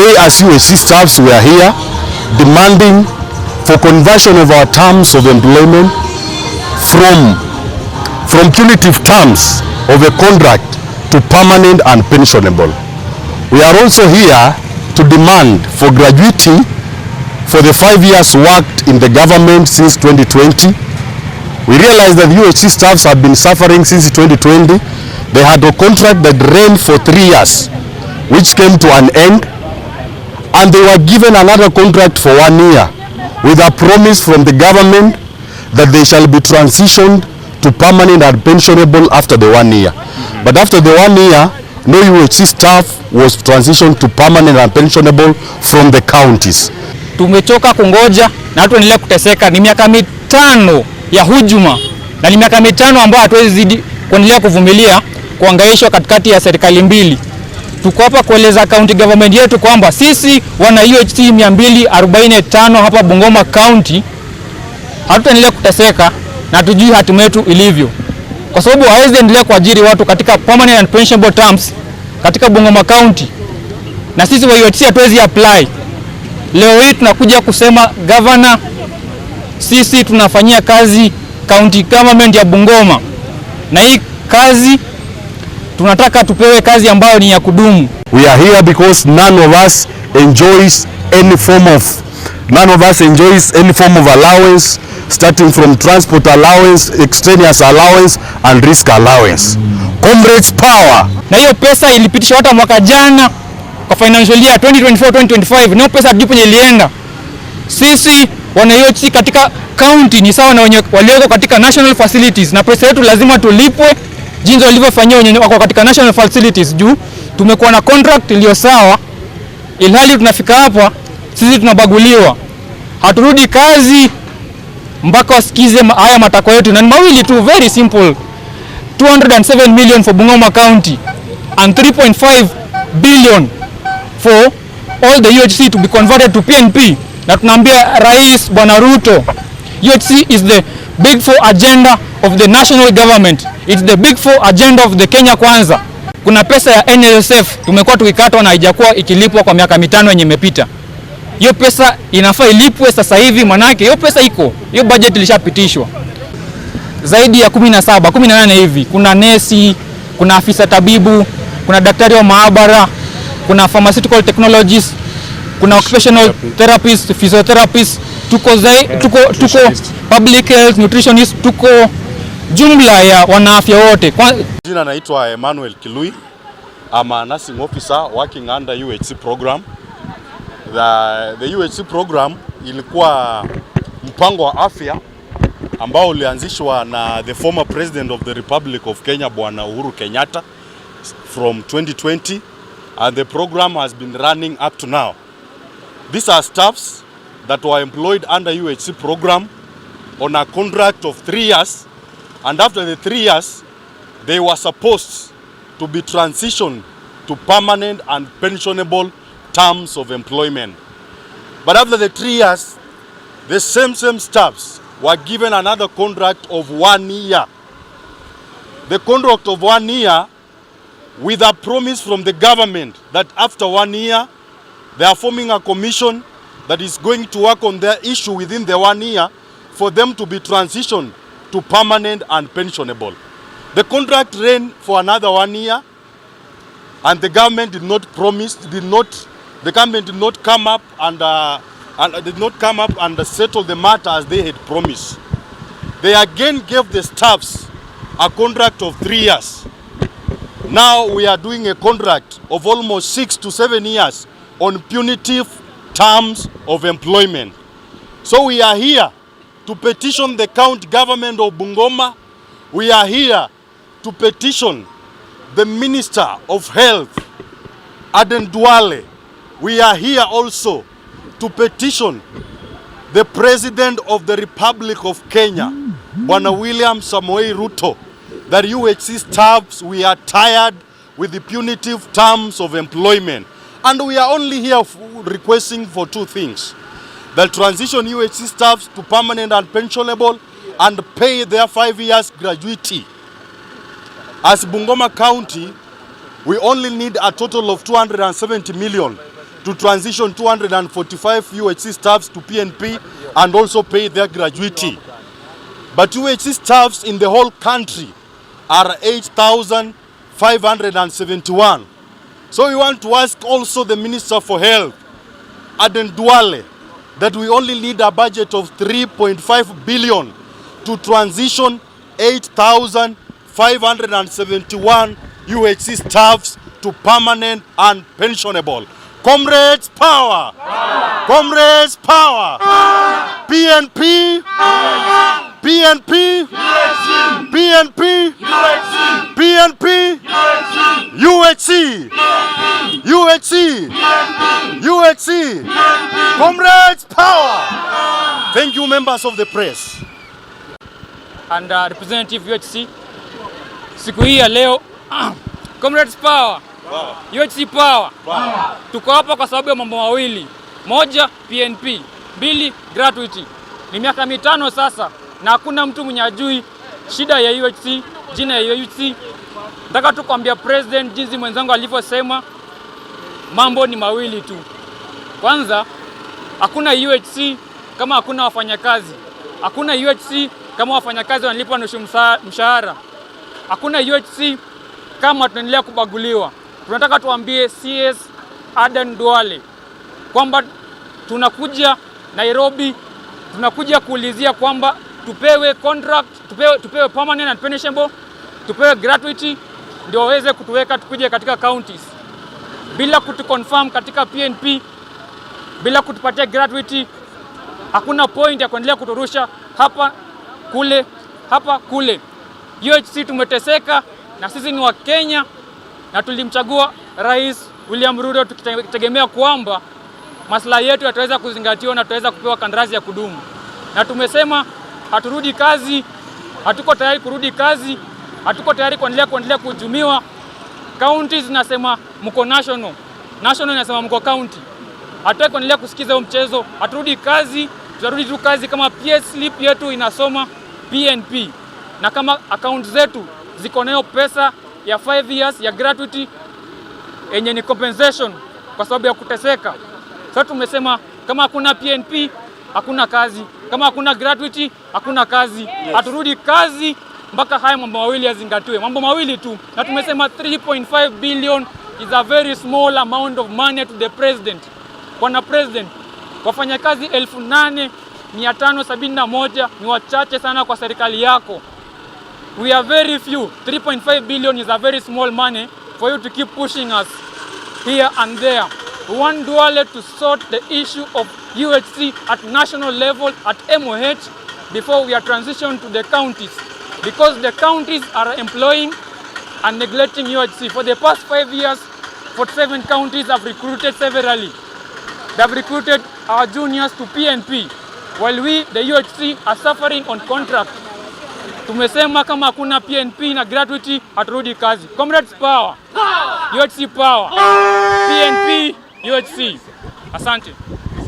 Today, as USC staffs, we are here demanding for conversion of our terms of employment from, from punitive terms of a contract to permanent and pensionable. We are also here to demand for gratuity for the five years worked in the government since 2020. We realize that UHC staffs have been suffering since 2020. They had a contract that ran for three years, which came to an end and they were given another contract for one year with a promise from the government that they shall be transitioned to permanent and pensionable after the one year. But after the one year, no UHC staff was transitioned to permanent and pensionable from the counties. Tumechoka kungoja na watu kuteseka. Ni miaka mitano ya hujuma na ni miaka mitano ambayo hatuwezi zidi kuendelea kuvumilia kuangaishwa katikati ya serikali mbili tuko hapa kueleza county government yetu kwamba sisi wana UHC 245 hapa Bungoma County hatutaendelea kuteseka na tujui hatima yetu ilivyo, kwa sababu hawezi endelea kuajiri watu katika permanent and pensionable terms katika Bungoma County, na sisi wa UHC hatuwezi apply. Leo hii tunakuja kusema governor, sisi tunafanyia kazi county government ya Bungoma na hii kazi tunataka tupewe kazi ambayo ni ya kudumu. We are here because none of us enjoys any form of none of us enjoys any form of allowance starting from transport allowance, extraneous allowance and risk allowance. Comrades power. Na hiyo pesa ilipitishwa hata mwaka jana kwa financial year 2024 2025, na pesa hatujupo penye ilienda. Sisi wanayochi katika county ni sawa na wenye walioko katika national facilities, na pesa yetu lazima tulipwe jinsi walivyofanyia unyenyekevu kwa katika national facilities juu tumekuwa na contract iliyo sawa, ilhali tunafika hapa sisi tunabaguliwa, haturudi kazi mpaka wasikize haya matakwa yetu, na ni mawili tu, very simple 207 million for Bungoma County and 3.5 billion for all the UHC to be converted to PNP, na tunaambia Rais Bwana Ruto, UHC is the big four agenda of the national government. It's the big four agenda of the Kenya Kwanza. Kuna pesa ya NSSF tumekuwa tukikatwa na haijakuwa ikilipwa kwa miaka mitano yenye imepita. Hiyo pesa inafaa ilipwe sasa hivi, manake hiyo pesa iko, hiyo budget ilishapitishwa zaidi ya 17 18 hivi. Kuna nesi, kuna afisa tabibu, kuna daktari wa maabara, kuna pharmaceutical technologies, kuna occupational therapist, physiotherapist tuko, zai, eh, tuko, tuko public health nutritionist, tuko jumla ya wanaafya wote. Jina naitwa Emmanuel Kilui. ama nursing officer working under UHC program. The, the UHC program ilikuwa mpango wa afya ambao ulianzishwa na the former president of the Republic of Kenya Bwana Uhuru Kenyatta from 2020 and the program has been running up to now. These are staffs that were employed under UHC program on a contract of three years and after the three years they were supposed to be transitioned to permanent and pensionable terms of employment. But after the three years, the same same staffs were given another contract of one year. The contract of one year with a promise from the government that after one year, they are forming a commission that is going to work on their issue within the one year for them to be transitioned to permanent and pensionable. The contract ran for another one year and the government did not promise, did not, the government did not come up and, uh, and did not come up and settle the matter as they had promised. They again gave the staffs a contract of three years. Now we are doing a contract of almost six to seven years on punitive terms of employment. So we are here to petition the county government of Bungoma. We are here to petition the Minister of Health, Aden Duale. We are here also to petition the President of the Republic of Kenya, mm-hmm. Bwana William Samoei Ruto, that UHC staffs, we are tired with the punitive terms of employment. And we are only here requesting for two things. the transition UHC staffs to permanent and pensionable and pay their five years gratuity. As Bungoma County, we only need a total of 270 million to transition 245 UHC staffs to PNP and also pay their gratuity. But UHC staffs in the whole country are 8,571. So we want to ask also the Minister for Health, Aden Duale, that we only need a budget of 3.5 billion to transition 8,571 UHC staffs to permanent and pensionable. Comrades power. power. Comrades power. power. PNP. Power. PNP. PNP. PNP. PNP. UHC! UHC! UHC! Comrades, power! Thank you, members of the press. And uh, representative UHC, siku hii ya leo Comrades power. Power. UHC power. Power. Tuko hapa kwa sababu ya mambo mawili. Moja, PNP. Mbili, gratuity. Ni miaka mitano sasa na hakuna mtu mwenye ajui shida ya UHC, jina ya UHC Nataka tu kuambia president jinsi mwenzangu alivyosema, mambo ni mawili tu. Kwanza, hakuna UHC kama hakuna wafanyakazi, hakuna UHC kama wafanyakazi wanalipwa nusu mshahara, hakuna UHC kama tunaendelea kubaguliwa. Tunataka tuambie CS Aden Duale kwamba tunakuja Nairobi, tunakuja kuulizia kwamba tupewe contract, tupewe, tupewe permanent and pensionable tupewe gratuity ndio waweze kutuweka tukuje katika counties bila kutuconfirm katika PNP, bila kutupatia gratuity. Hakuna point ya kuendelea kuturusha hapa kule, hapa kule. UHC tumeteseka, na sisi ni Wakenya na tulimchagua Rais William Ruto tukitegemea kwamba maslahi yetu yataweza kuzingatiwa na tutaweza kupewa kandarasi ya kudumu, na tumesema haturudi kazi, hatuko tayari kurudi kazi hatuko tayari kuendelea kuendelea kuhujumiwa. Kaunti zinasema mko national, national inasema mko county. Hatutaki kuendelea kusikiza huo mchezo, haturudi kazi, tutarudi tu kazi kama slip yetu inasoma PNP na kama account zetu ziko nayo pesa ya 5 years ya gratuity yenye ni compensation kwa sababu ya kuteseka. Sasa tumesema kama hakuna PNP hakuna kazi, kama hakuna gratuity hakuna kazi, haturudi kazi mpaka haya mambo mawili yazingatiwe, mambo mawili tu, na tumesema 3.5 billion is a very small amount of money to the president. Bwana president, wafanyakazi 8571 ni wachache sana kwa serikali yako. We are very few. 3.5 billion is a very small money for you to keep pushing us here and there. We want Duale to sort the issue of UHC at national level at MOH before we are transitioned to the counties because the counties are employing and neglecting UHC. For the past five years, 47 counties have recruited severally. They have recruited our juniors to PNP, while we, the UHC, are suffering on contract. Tumesema kama hakuna PNP na gratuity haturudi kazi. Comrades power. power. UHC power. power. PNP, UHC. Asante.